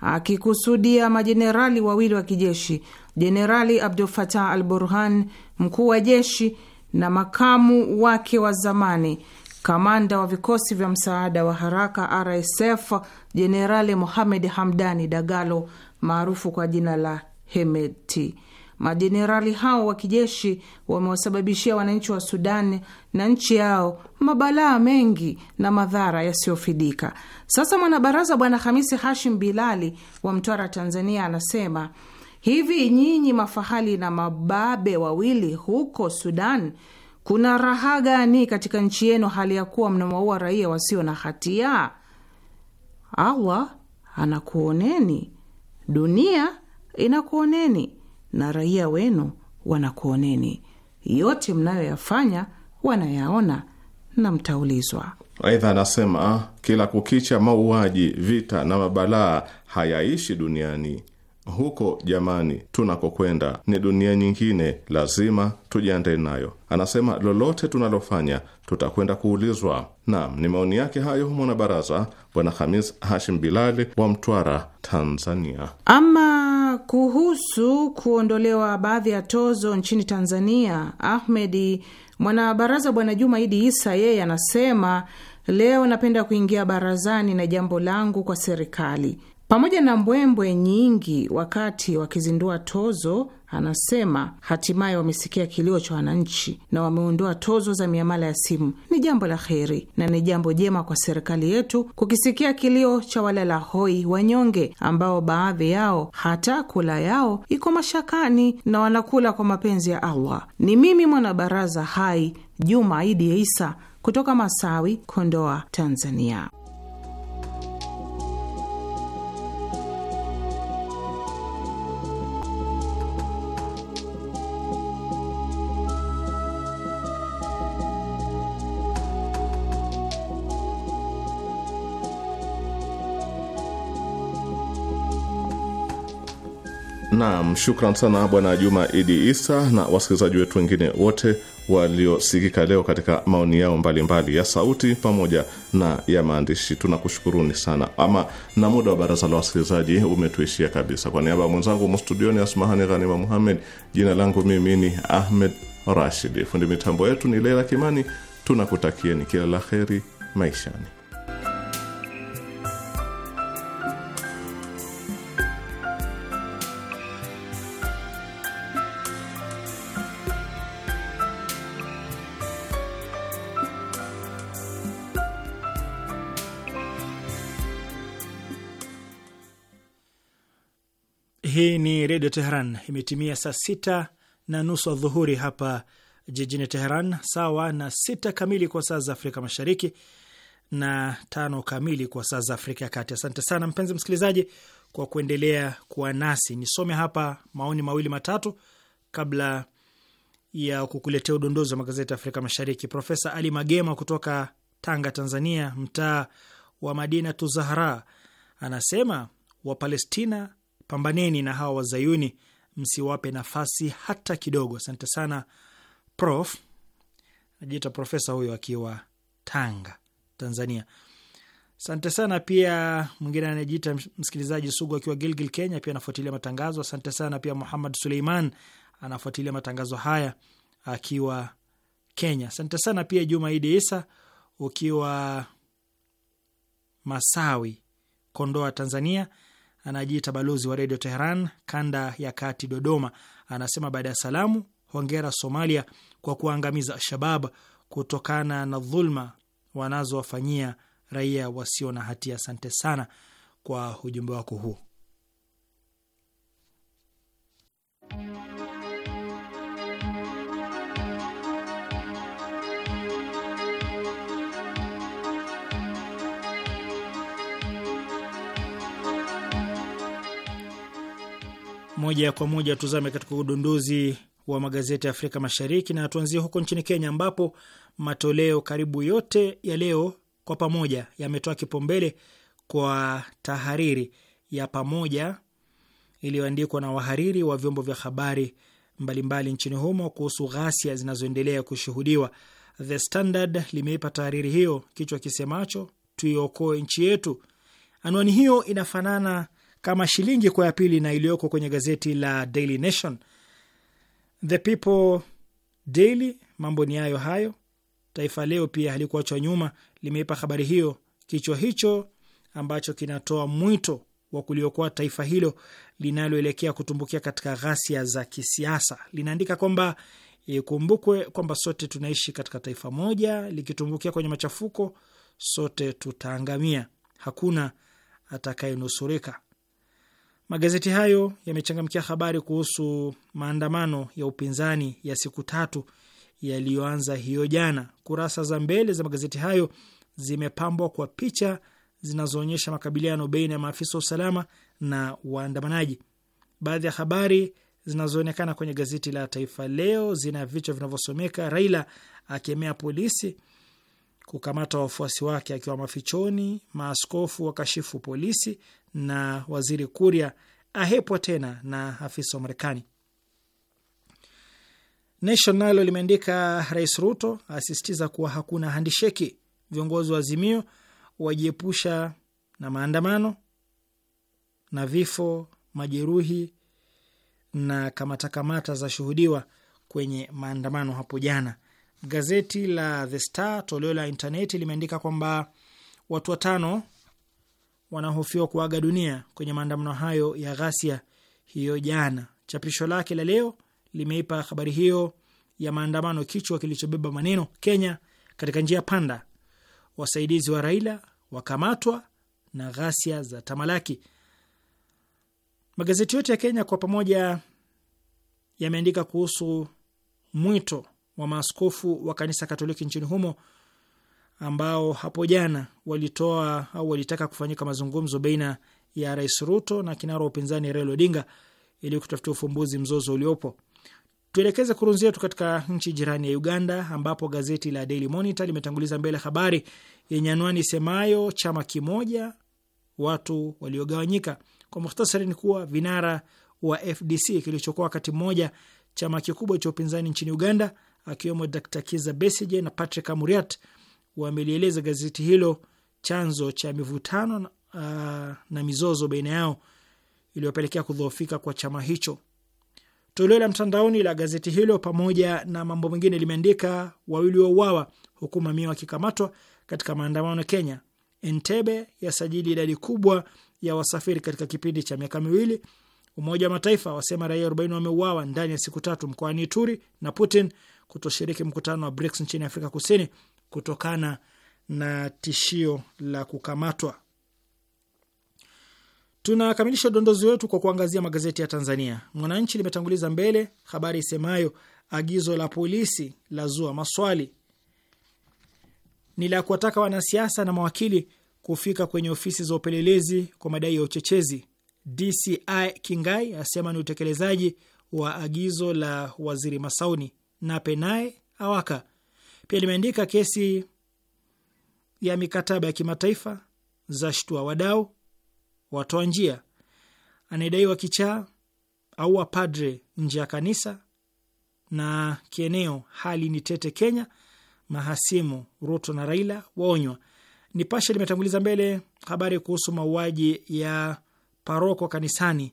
Speaker 4: akikusudia majenerali wawili wa kijeshi, Jenerali Abdul Fatah al Burhan, mkuu wa jeshi na makamu wake wa zamani, kamanda wa vikosi vya msaada wa haraka RSF, Jenerali Mohamed Hamdani Dagalo maarufu kwa jina la Hemeti. Majenerali hao wa kijeshi wamewasababishia wananchi wa Sudan na nchi yao mabalaa mengi na madhara yasiyofidika. Sasa mwanabaraza Bwana Hamisi Hashim Bilali wa Mtwara, Tanzania, anasema hivi: nyinyi mafahali na mababe wawili huko Sudan, kuna raha gani katika nchi yenu hali ya kuwa mnawaua raia wasio na hatia? Allah anakuoneni, dunia inakuoneni na raia wenu wanakuoneni, yote mnayoyafanya wanayaona na mtaulizwa.
Speaker 3: Aidha anasema kila kukicha, mauaji, vita na mabalaa hayaishi duniani. Huko jamani, tunakokwenda ni dunia nyingine, lazima tujiandae nayo. Anasema lolote tunalofanya tutakwenda kuulizwa. Naam, ni maoni yake hayo mwanabaraza Bwana Hamis Hashim Bilali wa Mtwara, Tanzania.
Speaker 4: Ama kuhusu kuondolewa baadhi ya tozo nchini Tanzania, Ahmedi mwanabaraza Bwana Juma Idi Isa yeye anasema leo napenda kuingia barazani na jambo langu kwa serikali, pamoja na mbwembwe nyingi wakati wakizindua tozo Anasema hatimaye wamesikia kilio cha wananchi na wameondoa tozo za miamala ya simu. Ni jambo la heri na ni jambo jema kwa serikali yetu kukisikia kilio cha walala hoi wanyonge, ambao baadhi yao hata kula yao iko mashakani na wanakula kwa mapenzi ya Allah. Ni mimi mwanabaraza hai Juma Idi Isa kutoka Masawi, Kondoa, Tanzania.
Speaker 3: Naam, shukran sana Bwana Juma Idi Isa na wasikilizaji wetu wengine wote waliosikika leo katika maoni yao mbalimbali mbali ya sauti pamoja na ya maandishi. Tunakushukuruni sana. Ama na muda wa baraza la wasikilizaji umetuishia kabisa. Kwa niaba ya mwenzangu mstudioni Asmahani Ghanima Muhammed, jina langu mimi ni Ahmed Rashid, fundi mitambo yetu ni Leila Kimani. Tunakutakieni kila la heri maishani.
Speaker 2: Hii ni Redio Teheran. Imetimia saa sita na nusu adhuhuri hapa jijini Teheran, sawa na sita kamili kwa saa za Afrika Mashariki na tano kamili kwa saa za Afrika ya Kati. Asante sana mpenzi msikilizaji kwa kuendelea kuwa nasi. Nisome hapa maoni mawili matatu kabla ya kukuletea udondozi wa magazeti ya Afrika Mashariki. Profesa Ali Magema kutoka Tanga, Tanzania, mtaa wa Madina Tuzahara anasema Wapalestina pambaneni na hawa wazayuni, msiwape nafasi hata kidogo. Asante sana Prof, najiita profesa huyo akiwa Tanga, Tanzania. Asante sana pia mwingine anajiita msikilizaji sugu akiwa Gilgil, Kenya, pia anafuatilia matangazo. Asante sana pia Muhammad Suleiman anafuatilia matangazo haya akiwa Kenya. Asante sana pia Juma Idi Isa ukiwa Masawi, Kondoa, Tanzania anajiita balozi wa redio Teheran kanda ya kati Dodoma, anasema baada ya salamu, hongera Somalia kwa kuangamiza Alshabab kutokana na dhulma wanazowafanyia raia wasio na hatia. Asante sana kwa ujumbe wako huo. Moja kwa moja tuzame katika udondozi wa magazeti ya Afrika Mashariki na tuanzie huko nchini Kenya, ambapo matoleo karibu yote ya leo kwa pamoja yametoa kipaumbele kwa tahariri ya pamoja iliyoandikwa na wahariri wa vyombo vya habari mbalimbali nchini humo kuhusu ghasia zinazoendelea kushuhudiwa. The Standard limeipa tahariri hiyo kichwa kisemacho tuiokoe nchi yetu. Anwani hiyo inafanana kama shilingi kwa ya pili na iliyoko kwenye gazeti la Daily Nation. The People Daily, mambo ni hayo hayo. Taifa Leo pia halikuachwa nyuma, limeipa habari hiyo kichwa hicho ambacho kinatoa mwito wa kuliokoa taifa hilo linaloelekea kutumbukia katika ghasia za kisiasa. Linaandika kwamba ikumbukwe kwamba sote tunaishi katika taifa moja, likitumbukia kwenye machafuko sote tutaangamia, hakuna atakayenusurika. Magazeti hayo yamechangamkia habari kuhusu maandamano ya upinzani ya siku tatu yaliyoanza hiyo jana. Kurasa za mbele za magazeti hayo zimepambwa kwa picha zinazoonyesha makabiliano baina ya maafisa wa usalama na waandamanaji. Baadhi ya habari zinazoonekana kwenye gazeti la Taifa Leo zina vichwa vinavyosomeka: Raila akemea polisi, kukamata wafuasi wake akiwa mafichoni, maaskofu wakashifu polisi, na waziri Kuria ahepwa tena na afisa wa Marekani. Nation nalo limeandika, Rais Ruto asisitiza kuwa hakuna handisheki, viongozi wa Azimio wajiepusha na maandamano na vifo, majeruhi na kamatakamata za shuhudiwa kwenye maandamano hapo jana. Gazeti la The Star toleo la intaneti limeandika kwamba watu watano wanahofiwa kuaga dunia kwenye maandamano hayo ya ghasia hiyo jana. Chapisho lake la leo limeipa habari hiyo ya maandamano kichwa kilichobeba maneno Kenya katika njia panda, wasaidizi wa Raila wakamatwa na ghasia za tamalaki. Magazeti yote ya Kenya kwa pamoja yameandika kuhusu mwito wa maaskofu wa kanisa Katoliki nchini humo ambao hapo jana walitoa au walitaka kufanyika mazungumzo baina ya Rais Ruto na kinara wa upinzani Raila Odinga ili kutafutia ufumbuzi mzozo uliopo. Tuelekeze kurunzi yetu katika nchi jirani ya Uganda, ambapo gazeti la Daily Monitor limetanguliza mbele habari yenye anwani semayo chama kimoja, watu waliogawanyika. Kwa muhtasari, ni kuwa vinara wa FDC kilichokuwa wakati mmoja chama kikubwa cha upinzani nchini Uganda akiwemo Dr Kiza Besije na Patrick Amuriat wamelieleza gazeti hilo chanzo cha mivutano uh, na mizozo baina yao iliyopelekea kudhoofika kwa chama hicho. Toleo la mtandaoni la gazeti hilo pamoja na mambo mengine limeandika wawili wauawa huku mamia wakikamatwa katika maandamano Kenya. Entebbe yasajili idadi kubwa ya wasafiri katika kipindi cha miaka miwili. Umoja wa Mataifa wasema raia 40 wameuawa ndani ya siku tatu mkoani Ituri, na Putin kutoshiriki mkutano wa BRICS nchini Afrika Kusini kutokana na tishio la kukamatwa. Tunakamilisha udondozi wetu kwa kuangazia magazeti ya Tanzania. Mwananchi limetanguliza mbele habari isemayo agizo la polisi la zua maswali, ni la kuwataka wanasiasa na mawakili kufika kwenye ofisi za upelelezi kwa madai ya uchechezi. DCI Kingai asema ni utekelezaji wa agizo la waziri Masauni na Penai Awaka. Pia limeandika kesi ya mikataba ya kimataifa za shtua wadau watoa njia, anayedaiwa kichaa au wapadre nje ya kanisa, na kieneo hali ni tete Kenya, mahasimu Ruto na Raila waonywa. Nipashe limetanguliza mbele habari kuhusu mauaji ya paroko kanisani,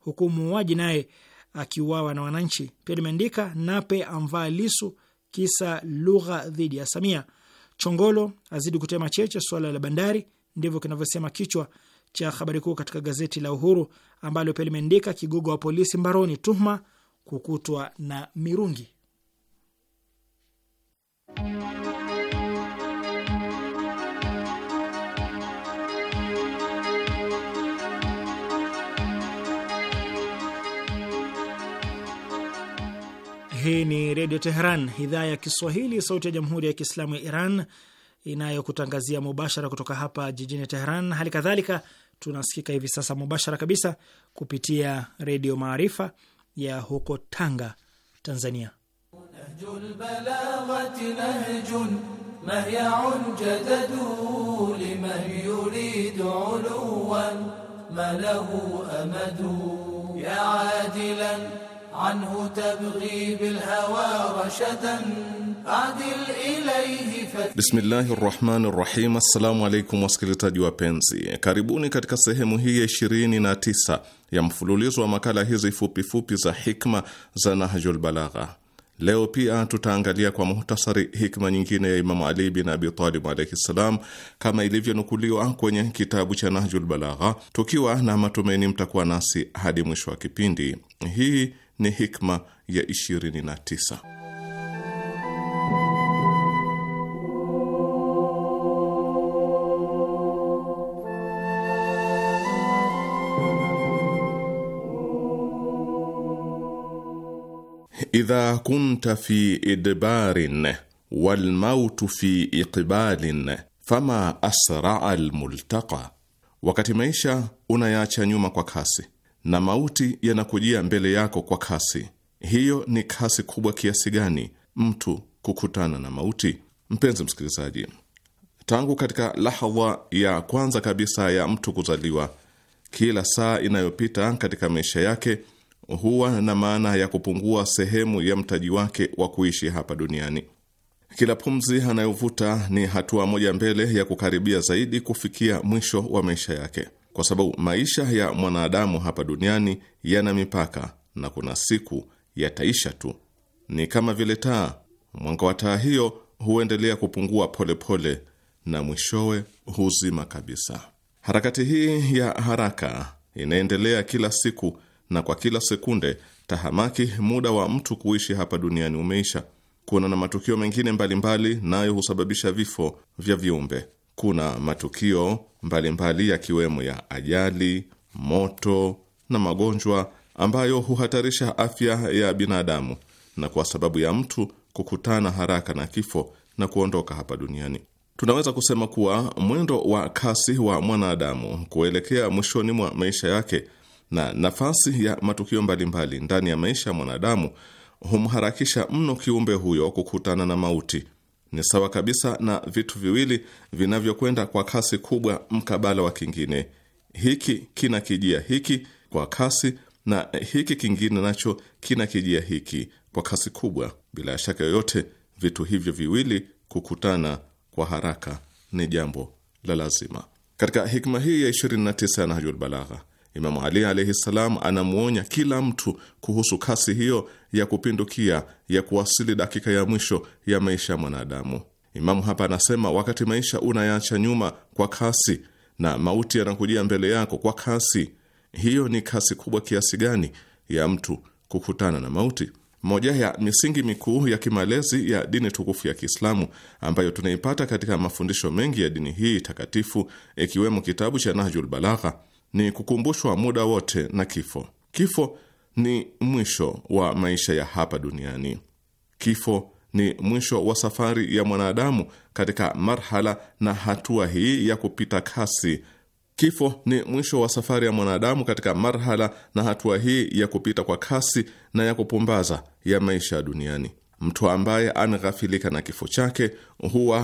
Speaker 2: huku muuaji naye akiuawa na wananchi. Pia limeandika Nape amvaa Lisu kisa lugha dhidi ya Samia, Chongolo azidi kutema cheche suala la bandari, ndivyo kinavyosema kichwa cha habari kuu katika gazeti la Uhuru ambalo pia limeandika kigogo wa polisi mbaroni, tuhuma kukutwa na mirungi. Hii ni Redio Teheran, idhaa ya Kiswahili, sauti ya Jamhuri ya Kiislamu ya Iran, inayokutangazia mubashara kutoka hapa jijini Teheran. Hali kadhalika tunasikika hivi sasa mubashara kabisa kupitia Redio Maarifa ya huko Tanga, Tanzania.
Speaker 1: عنه تبغي بالهوى رشدا عدل إليه فت...
Speaker 3: Bismillahi rahmani rahim. Assalamu alaikum wasikilizaji wapenzi, karibuni katika sehemu hii ya 29 ya mfululizo wa makala hizi fupifupi za hikma za Nahjul Balagha. Leo pia tutaangalia kwa muhtasari hikma nyingine ya Imamu Ali bin Abi Talib alaihi ssalam, kama ilivyonukuliwa kwenye kitabu cha Nahjul Balagha, tukiwa na matumaini mtakuwa nasi hadi mwisho wa kipindi hii ni hikma ya 29. Idha kunta fi idbarin walmautu fi iqbalin fama asraa almultaqa, wakati maisha unayaacha nyuma kwa kasi na mauti yanakujia mbele yako kwa kasi. Hiyo ni kasi kubwa kiasi gani mtu kukutana na mauti? Mpenzi msikilizaji, tangu katika lahadha ya kwanza kabisa ya mtu kuzaliwa, kila saa inayopita katika maisha yake huwa na maana ya kupungua sehemu ya mtaji wake wa kuishi hapa duniani. Kila pumzi anayovuta ni hatua moja mbele ya kukaribia zaidi kufikia mwisho wa maisha yake kwa sababu maisha ya mwanadamu hapa duniani yana mipaka na kuna siku yataisha tu. Ni kama vile taa, mwanga wa taa hiyo huendelea kupungua polepole pole, na mwishowe huzima kabisa. Harakati hii ya haraka inaendelea kila siku na kwa kila sekunde. Tahamaki, muda wa mtu kuishi hapa duniani umeisha. Kuna na matukio mengine mbalimbali, nayo husababisha vifo vya viumbe kuna matukio mbalimbali yakiwemo ya ajali, moto na magonjwa ambayo huhatarisha afya ya binadamu na kwa sababu ya mtu kukutana haraka na kifo na kuondoka hapa duniani. Tunaweza kusema kuwa mwendo wa kasi wa mwanadamu kuelekea mwishoni mwa maisha yake na nafasi ya matukio mbalimbali ndani ya maisha ya mwanadamu humharakisha mno kiumbe huyo kukutana na mauti ni sawa kabisa na vitu viwili vinavyokwenda kwa kasi kubwa mkabala wa kingine. Hiki kina kijia hiki kwa kasi na hiki kingine nacho kina kijia hiki kwa kasi kubwa. Bila shaka yoyote, vitu hivyo viwili kukutana kwa haraka ni jambo la lazima. Katika hikma hii ya 29 ya Nahjul Balagha Imamu Ali alaihi ssalam anamwonya kila mtu kuhusu kasi hiyo ya kupindukia ya kuwasili dakika ya mwisho ya maisha ya mwanadamu. Imamu hapa anasema, wakati maisha unayaacha nyuma kwa kasi na mauti yanakujia mbele yako kwa kasi, hiyo ni kasi kubwa kiasi gani ya mtu kukutana na mauti? Moja ya misingi mikuu ya kimalezi ya dini tukufu ya Kiislamu ambayo tunaipata katika mafundisho mengi ya dini hii takatifu, ikiwemo kitabu cha Nahjul Balagha ni kukumbushwa muda wote na kifo. Kifo ni mwisho wa maisha ya hapa duniani. Kifo ni mwisho wa safari ya mwanadamu katika marhala na hatua hii ya kupita kasi. Kifo ni mwisho wa safari ya mwanadamu katika marhala na hatua hii ya kupita kwa kasi na ya kupumbaza ya maisha ya duniani. Mtu ambaye anaghafilika na kifo chake huwa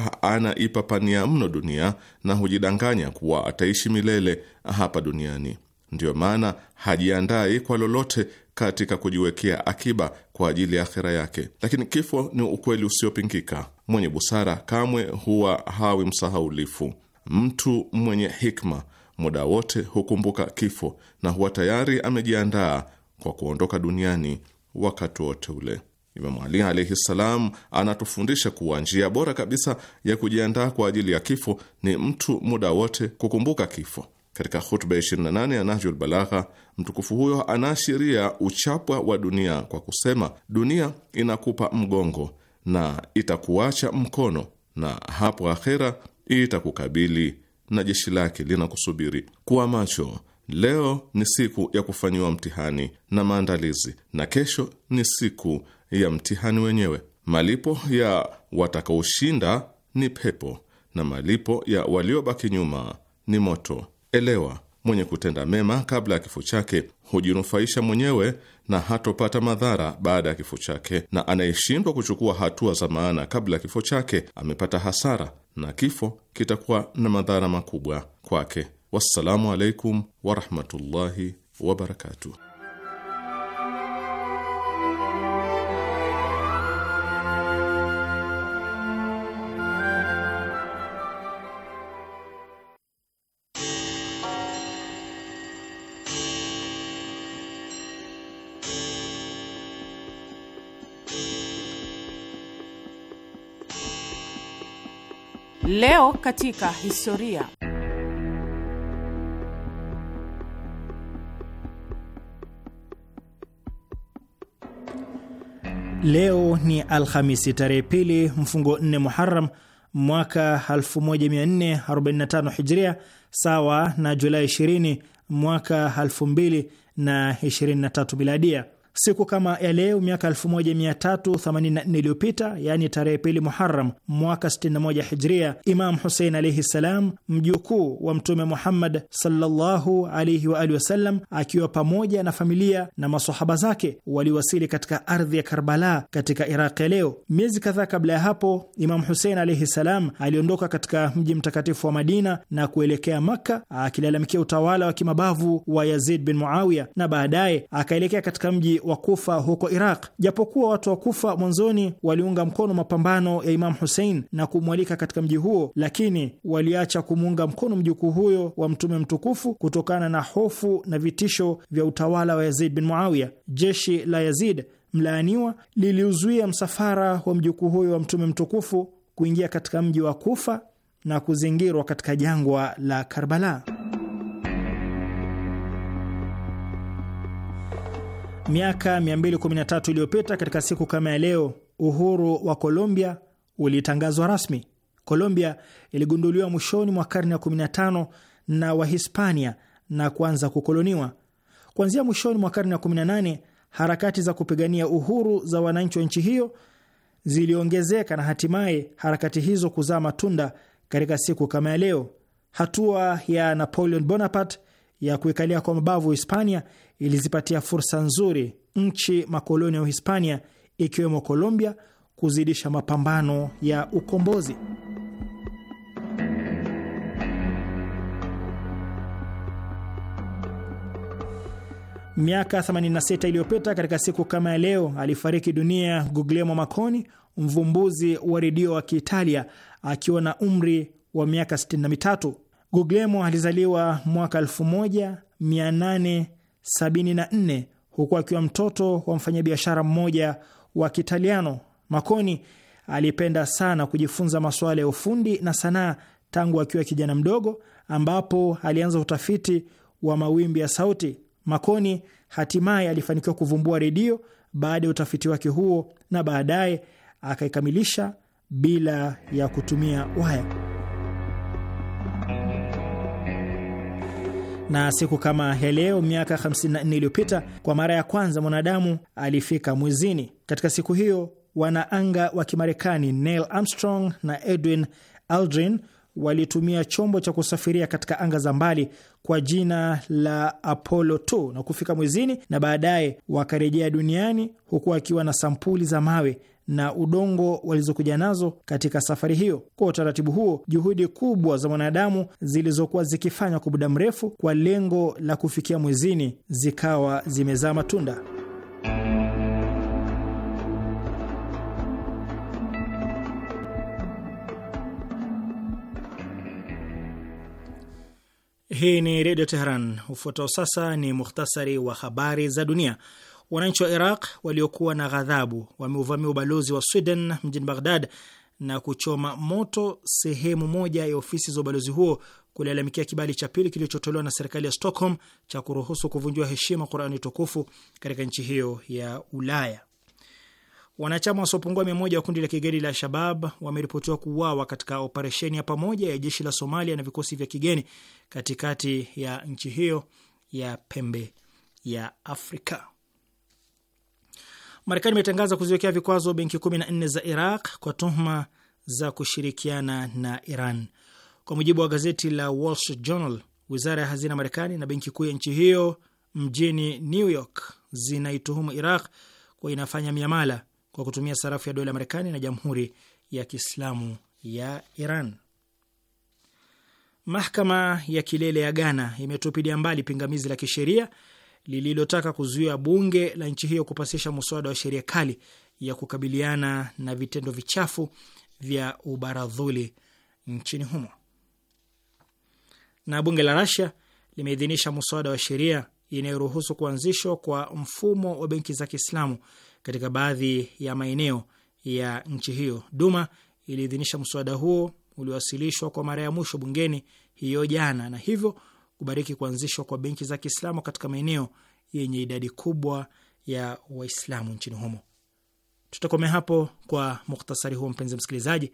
Speaker 3: pania mno dunia na hujidanganya kuwa ataishi milele hapa duniani. Ndiyo maana hajiandai kwa lolote katika kujiwekea akiba kwa ajili ya akhera yake. Lakini kifo ni ukweli usiopingika. Mwenye busara kamwe huwa hawi msahaulifu. Mtu mwenye hikma muda wote hukumbuka kifo na huwa tayari amejiandaa kwa kuondoka duniani wakati wote ule. Imamu Ali alaihi ssalam anatufundisha kuwa njia bora kabisa ya kujiandaa kwa ajili ya kifo ni mtu muda wote kukumbuka kifo. Katika hutuba 28 ya Nahjul Balagha, mtukufu huyo anaashiria uchapwa wa dunia kwa kusema, dunia inakupa mgongo na itakuacha mkono, na hapo akhera itakukabili na jeshi lake linakusubiri. Kuwa macho. Leo ni siku ya kufanyiwa mtihani na maandalizi, na kesho ni siku ya mtihani wenyewe. Malipo ya watakaoshinda ni pepo na malipo ya waliobaki nyuma ni moto. Elewa, mwenye kutenda mema kabla ya kifo chake hujinufaisha mwenyewe na hatopata madhara baada ya kifo chake, na anayeshindwa kuchukua hatua za maana kabla ya kifo chake amepata hasara na kifo kitakuwa na madhara makubwa kwake. Wassalamu alaikum warahmatullahi wabarakatuh.
Speaker 4: Leo katika historia.
Speaker 2: Leo ni Alhamisi tarehe pili mfungo 4 muharam mwaka 1445 Hijria, sawa na Julai 20 mwaka 2023 Miladia. Siku kama ya leo miaka 1384 iliyopita, yaani tarehe pili Muharam mwaka 61 Hijria, Imam Husein alaihi ssalam, mjukuu wa Mtume Muhammad sallallahu alaihi wa alihi wasallam, akiwa pamoja na familia na masahaba zake waliwasili katika ardhi ya Karbala katika Iraq ya leo. Miezi kadhaa kabla ya hapo, Imam Husein alaihi ssalam aliondoka katika mji mtakatifu wa Madina na kuelekea Makka, akilalamikia utawala wa kimabavu wa Yazid bin Muawiya, na baadaye akaelekea katika mji wa Kufa huko Iraq. Japokuwa watu wa Kufa mwanzoni waliunga mkono mapambano ya Imam Hussein na kumwalika katika mji huo, lakini waliacha kumuunga mkono mjukuu huyo wa Mtume mtukufu kutokana na hofu na vitisho vya utawala wa Yazid bin Muawiya. Jeshi la Yazid mlaaniwa liliuzuia msafara wa mjukuu huyo wa Mtume mtukufu kuingia katika mji wa Kufa na kuzingirwa katika jangwa la Karbala. Miaka 213 iliyopita katika siku kama ya leo, uhuru wa Colombia ulitangazwa rasmi. Colombia iligunduliwa mwishoni mwa karne ya 15 na Wahispania na kuanza kukoloniwa. Kuanzia mwishoni mwa karne ya 18, harakati za kupigania uhuru za wananchi wa nchi hiyo ziliongezeka na hatimaye harakati hizo kuzaa matunda katika siku kama ya leo. Hatua ya Napoleon Bonaparte ya kuikalia kwa mabavu Hispania ilizipatia fursa nzuri nchi makoloni ya Uhispania ikiwemo Colombia kuzidisha mapambano ya ukombozi. Miaka 86 iliyopita katika siku kama ya leo alifariki dunia Guglielmo Marconi, mvumbuzi wa redio wa Kiitalia akiwa na umri wa miaka 63. Guglielmo alizaliwa mwaka 1874 huku akiwa mtoto wa mfanyabiashara mmoja wa Kitaliano. Makoni alipenda sana kujifunza masuala ya ufundi na sanaa tangu akiwa kijana mdogo, ambapo alianza utafiti wa mawimbi ya sauti. Makoni hatimaye alifanikiwa kuvumbua redio baada ya utafiti wake huo, na baadaye akaikamilisha bila ya kutumia waya. na siku kama ya leo miaka 54 iliyopita kwa mara ya kwanza mwanadamu alifika mwezini. Katika siku hiyo, wanaanga wa Kimarekani Neil Armstrong na Edwin Aldrin walitumia chombo cha kusafiria katika anga za mbali kwa jina la Apollo 2 na kufika mwezini na baadaye wakarejea duniani huku wakiwa na sampuli za mawe na udongo walizokuja nazo katika safari hiyo. Kwa utaratibu huo, juhudi kubwa za mwanadamu zilizokuwa zikifanywa kwa muda mrefu kwa lengo la kufikia mwezini zikawa zimezaa matunda. Hii ni Redio Teheran. Ufuatao sasa ni mukhtasari wa habari za dunia. Wananchi wa Iraq waliokuwa na ghadhabu wameuvamia ubalozi wa Sweden mjini Baghdad na kuchoma moto sehemu moja ya ofisi za ubalozi huo kulalamikia kibali cha pili kilichotolewa na serikali ya Stockholm cha kuruhusu kuvunjiwa heshima Qurani tukufu katika nchi hiyo ya Ulaya. Wanachama wasiopungua mia moja wa kundi la kigeni la shabab wameripotiwa kuuawa katika operesheni ya pamoja ya jeshi la Somalia na vikosi vya kigeni katikati ya nchi hiyo ya pembe ya Afrika. Marekani imetangaza kuziwekea vikwazo benki nne za Iraq kwa tuhuma za kushirikiana na Iran. Kwa mujibu wa gazeti la Wall Street Journal, wizara ya hazina Marekani na benki kuu ya nchi hiyo mjini New York zinaituhumu Iraq kwa inafanya miamala kwa kutumia sarafu ya dola ya Marekani na jamhuri ya Kiislamu ya Iran. Mahakama ya kilele ya Ghana imetupilia mbali pingamizi la kisheria lililotaka kuzuia bunge la nchi hiyo kupasisha mswada wa sheria kali ya kukabiliana na vitendo vichafu vya ubaradhuli nchini humo. Na bunge la Rasia limeidhinisha mswada wa sheria inayoruhusu kuanzishwa kwa mfumo wa benki za Kiislamu katika baadhi ya maeneo ya nchi hiyo. Duma iliidhinisha mswada huo uliowasilishwa kwa mara ya mwisho bungeni hiyo jana, na hivyo kubariki kuanzishwa kwa benki za Kiislamu katika maeneo yenye idadi kubwa ya Waislamu nchini humo. Tutakomea hapo kwa mukhtasari huo. Mpenzi msikilizaji,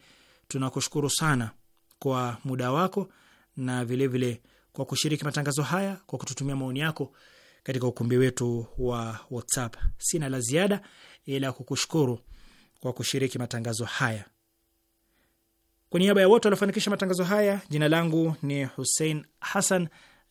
Speaker 2: tunakushukuru sana kwa muda wako na vilevile vile kwa kushiriki matangazo haya kwa kututumia maoni yako katika ukumbi wetu wa WhatsApp. Sina la ziada ila kukushukuru kwa kushiriki matangazo haya. Kwa niaba ya wote waliofanikisha matangazo haya, jina langu ni Hussein Hassan